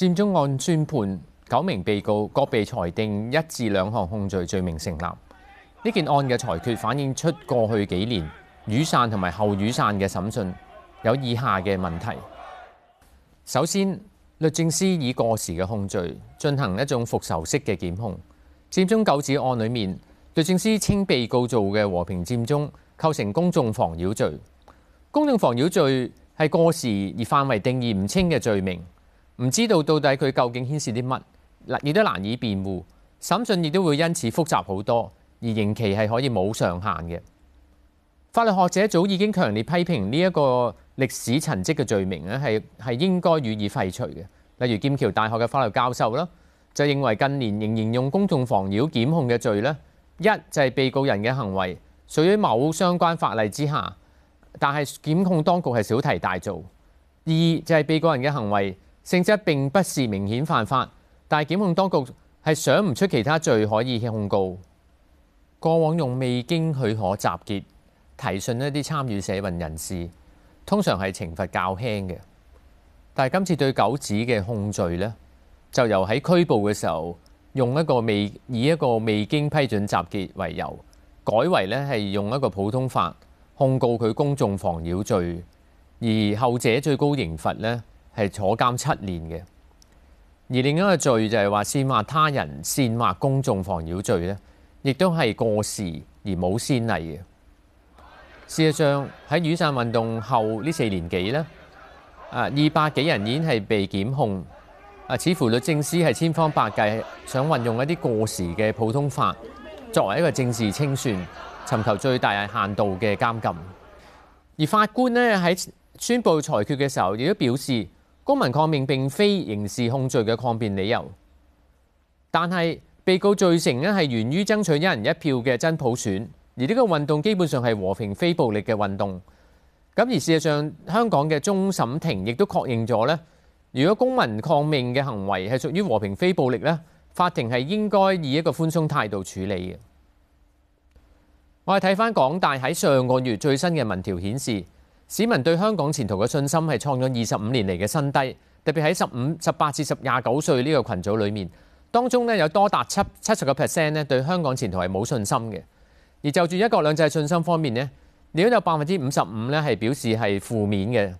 佔中案宣判九名被告，各被裁定一至兩項控罪，罪名成立。呢件案嘅裁決反映出過去幾年雨傘同埋後雨傘嘅審訊有以下嘅問題。首先，律政司以過時嘅控罪進行一種復仇式嘅檢控。佔中九子案裏面，律政司稱被告做嘅和平佔中構成公眾妨擾罪。公眾妨擾罪係過時而範圍定義唔清嘅罪名。唔知道到底佢究竟牽涉啲乜，亦都難以辯護。審訊亦都會因此複雜好多，而刑期係可以冇上限嘅。法律學者早已經強烈批評呢一個歷史陳跡嘅罪名咧，係係應該予以廢除嘅。例如劍橋大學嘅法律教授啦，就認為近年仍然用公眾妨擾檢控嘅罪呢，一就係、是、被告人嘅行為屬於某相關法例之下，但係檢控當局係小題大做；二就係、是、被告人嘅行為。性質並不是明顯犯法，但係檢控當局係想唔出其他罪可以控告。過往用未經許可集結提訊一啲參與社運人士，通常係懲罰較輕嘅。但係今次對九子嘅控罪呢，就由喺拘捕嘅時候用一個未以一個未經批准集結為由，改為係用一個普通法控告佢公眾妨擾罪，而後者最高刑罰呢，係坐監七年嘅，而另一個罪就係話煽惑他人、煽惑公眾防擾罪妨擾罪咧，亦都係過時而冇先例嘅。事實上喺雨傘運動後呢四年幾咧，啊二百幾人已經係被檢控，啊似乎律政司係千方百計想運用一啲過時嘅普通法作為一個政治清算，尋求最大限度嘅監禁。而法官呢喺宣佈裁決嘅時候，亦都表示。公民抗命並非刑事控罪嘅抗辯理由，但係被告罪成咧係源於爭取一人一票嘅真普選，而呢個運動基本上係和平非暴力嘅運動。咁而事實上，香港嘅終審庭亦都確認咗呢，如果公民抗命嘅行為係屬於和平非暴力呢，法庭係應該以一個寬鬆態度處理嘅。我哋睇翻港大喺上個月最新嘅民調顯示，市民對香港前途嘅信心係創咗二十五年嚟嘅新低，特別喺十五、十八至十廿九歲呢個群組裏面，當中呢有多達七七十個 percent 對香港前途係冇信心嘅。而就住一國兩制信心方面呢，亦有百分之五十五呢係表示係負面嘅。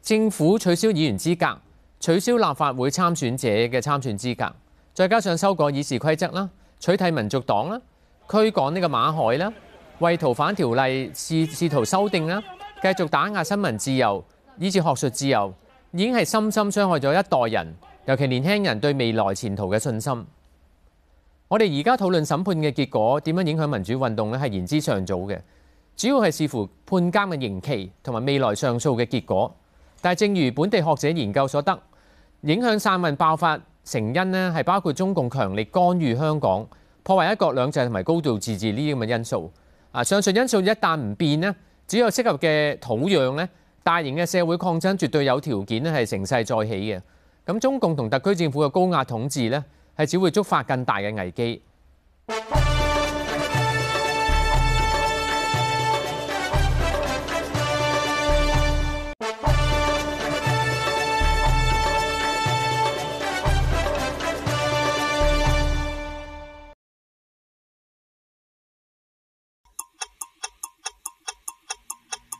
政府取消議員資格，取消立法會參選者嘅參選資格，再加上修改議事規則啦，取締民族黨啦，驅趕呢個馬海啦，為逃犯條例試試，試圖修訂啦。繼續打壓新聞自由，以至學術自由，已經係深深傷害咗一代人，尤其年輕人對未來前途嘅信心。我哋而家討論審判嘅結果點樣影響民主運動呢係言之尚早嘅，主要係視乎判監嘅刑期同埋未來上訴嘅結果。但係正如本地學者研究所得，影響傘運爆發成因呢係包括中共強力干預香港、破壞一國兩制同埋高度自治呢啲咁嘅因素。啊，上述因素一旦唔變呢。只有適合嘅土壤呢，大型嘅社會抗爭絕對有條件呢係成勢再起嘅。咁中共同特區政府嘅高壓統治呢係只會觸發更大嘅危機。